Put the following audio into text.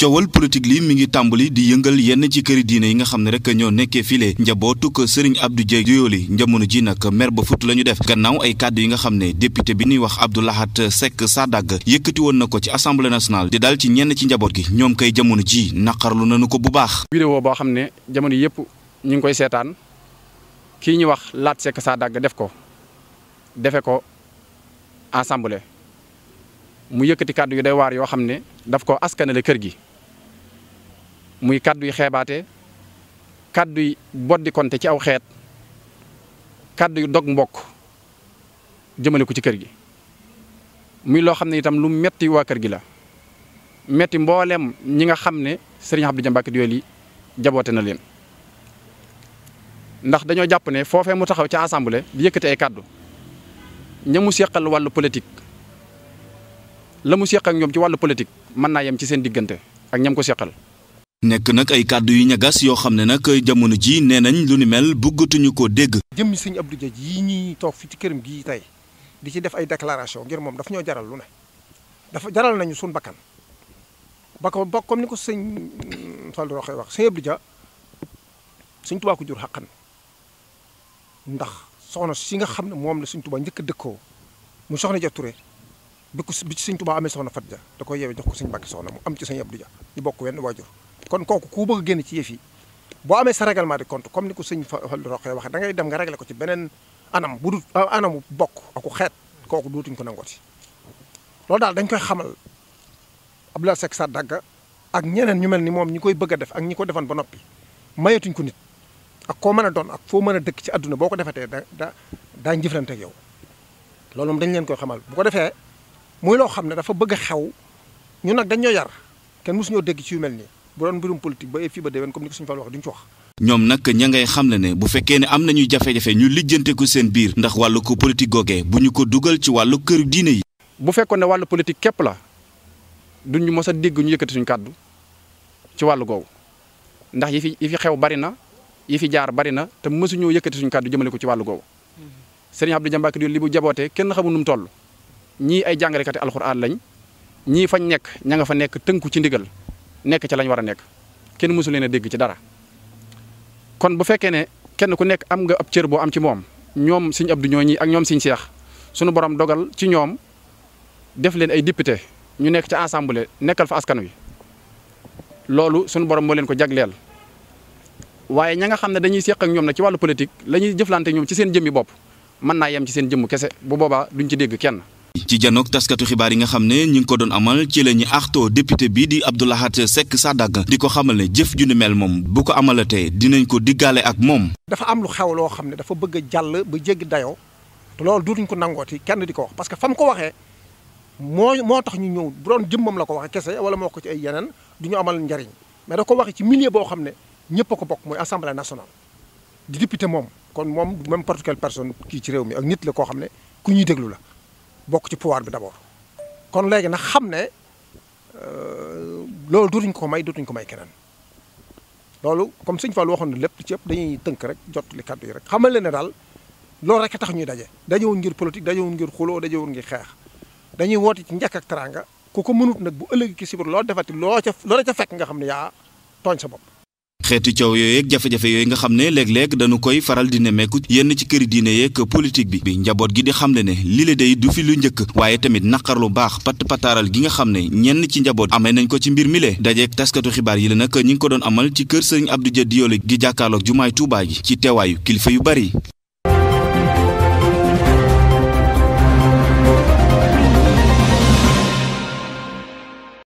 coowal politique li mu ngi tàmbali di yëngal yenn ci këri diine yi nga xam ne rek ñoo nekkee file njabootu ko Serigne Abdou Dieng Doyoly njamono ji nag mer ba fut la ñu def gannaaw ay kàddu yi nga xam ne député bi ñuy wax Abdou Lahad Seck Sadag yëkkati woon na ko ci assemblée national di daal ci ñenn ci njaboot gi ñoom koy jamono ji naqarlu nañu ko bu baax. vidéo boo xam ne jamono yëpp ñu ngi koy seetaan kii ñu wax Laat Seck Sadag def ko defe ko assemblée mu yëkkati kàddu yu day waar yoo xam ne daf ko askanale kër gi. muy kàddu yu xeebaate kàddu yu boddi ci aw xeet kàddu yu dog mbokk jëmale ko ci kër gi muy loo xam ne itam lu metti waa kër gi la metti mbooleem ñi nga xam ne sëriñ Abdou Dia Mbacke Doly jaboote na leen ndax dañoo jàpp ne foofee mu taxaw ci assemblée di yëkkati ay kàddu ña mu seqal wàllu politique la mu seq ak ñoom ci wàllu politique mën naa yem ci seen diggante ak ñam ko seqal nekk nag ay kàddu yu ñagas yoo xam ne nag jamono ji nee nañ lu ni mel bëggatuñu ko dégg. jëmmi sëñ Abdou Dia yi ñuy toog fi ci këram gi tey di ci def ay déclaration ngir moom dafa ñoo jaral lu ne dafa jaral nañu suñu bakkan ba ko ba comme ni ko sëñ mm, Fallou Roxee wax sëñ Abdou Dia sëñ Tuubaa ko jur xaqan ndax soxna si nga xam ne moom la sëñ Tuubaa njëkk a dëkkoo mu soxna ja Touré bi ko bi ci sëñ Tuubaa amee soxna Fat Ja da ko yeewee jox ko sëñ Mbàkke soxna mu am ci sëñ Abdou Dia ñu bokk wenn waajur kon kooku ku bëgg génn ci yëf yi boo amee sa règlement de comme ni ko sëñ Fallu Roqee waxee da ngay dem nga réglé ko ci beneen anam bu dul ah, anamu bokk aku xeet kooku dootuñ ko nangooti loolu daal dañ koy xamal Abdoulaye sa Sadaga ak ñeneen ñu mel ni moom ñu koy bëgg a def ak ñi ko defoon ba noppi mayetuñ ko nit ak koo mën a doon ak foo mën a dëkk ci àdduna boo ko defatee da da daañu jëflante yow loolu moom dañ leen koy xamal bu ko defee muy loo xam ne dafa bëgg a xew ñun nag dañ ñoo kenn mësuñoo dégg ci yu mel nii bu doon mbirum politique ba fii ba déwén comme ni ko suñu Fallou wax duñ ci wax. ñoom nag ña ngay xam ne ne bu fekkee ne am nañu jafe-jafe ñu lijjante ko seen biir ndax wàllu ko politique googee bu ñu ko dugal ci wàllu këru diine yi. bu fekkoon ne wàllu politique képp la duñu mos a dégg ñu yëkkati suñu kàddu ci wàllu googu ndax yi fi yi fi xew bari na yi fi jaar bari na te mësuñoo yëkkati suñu kàddu jëmale ko ci wàllu googu sëriñ Abdou Diambacké di li bu jabootee kenn xamul nu mu toll ñii ay jàngalekati alxuraan lañ ñii fañ nekk ña nga fa nekk tënku ci ndigal nekk ci lañ war a nekk kenn mësu leen a dégg ci dara kon bu fekkee ne kenn ku nekk am nga ab cër boo am ci moom ñoom Sëñ Abdu ñoo ñi ak ñoom Sëñ Seex sunu borom dogal ci ñoom def leen ay député ñu nekk ci assemblée nekkal fa askan wi loolu sunu borom moo leen ko jagleel waaye ña nga xam ne dañuy seq ak ñoom nag ci wàllu politique la ñuy jëflante ñoom ci seen jëmmi bopp mën naa yem ci seen jëmm kese bu boobaa duñ ci dégg kenn. ci janook taskatu xibaar yi nga xam ne ñi ngi ko doon amal ci la ñu artoo député bi di Abdou sekk Seck Sadaga di ko xamal ne jëf ju ni mel moom bu ko amalatee dinañ ko diggaale ak moom. dafa am lu xew loo xam ne dafa bëgg a jàll ba jéggi dayoo loolu dootuñ ko nangooti kenn di ko wax parce que fa mu ko waxee moo moo tax ñu ñëw bu doon jëmmam la ko waxee kese wala moo ko ci ay yeneen du ñu amal njariñ mais da ko waxee ci milieu boo xam ne ñëpp ko bokk mooy assemblée nationale di député moom kon moom même particulière personne kii ci réew mi ak nit la koo xam ne ku ñuy déglu la. bokk ci pouvoir bi d'abord kon léegi nag xam ne euh, loolu dutuñ ko may dutuñ ko may keneen loolu comme Sëñ Fall waxoon na lépp ci yëpp dañuy tënk rek jot li kàddu yi rek xamal leen ne daal loolu rek tax ñuy daje dajewuñ ngir politique dajewuñ ngir xuloo dajewuñ ngir xeex dañuy woote ci njëkk ak teraanga ku ko mënut nag bu ëllëg ki sibir loo defati loo ca loo ca fekk nga xam ne yaa tooñ sa bopp xeetu coow yooyu ak jafe-jafe yooyu nga xam ne léeg-léeg dañu koy faral di nemmeeku yenn ci këri diine yeeg politique bi bi njaboot gi di xam ne li la day du fi lu njëkk waaye tamit naqar lu baax patt pataaral gi nga xam ne ñenn ci njaboot amee nañ ko ci mbir mi lee dajeeg taskatu xibaar yi la nag ñi ngi ko doon amal ci kër sëriñ Abdou Dia Diolé gi jàkkaarloog jumaay Tuubaa gi ci teewaayu kilifa yu bari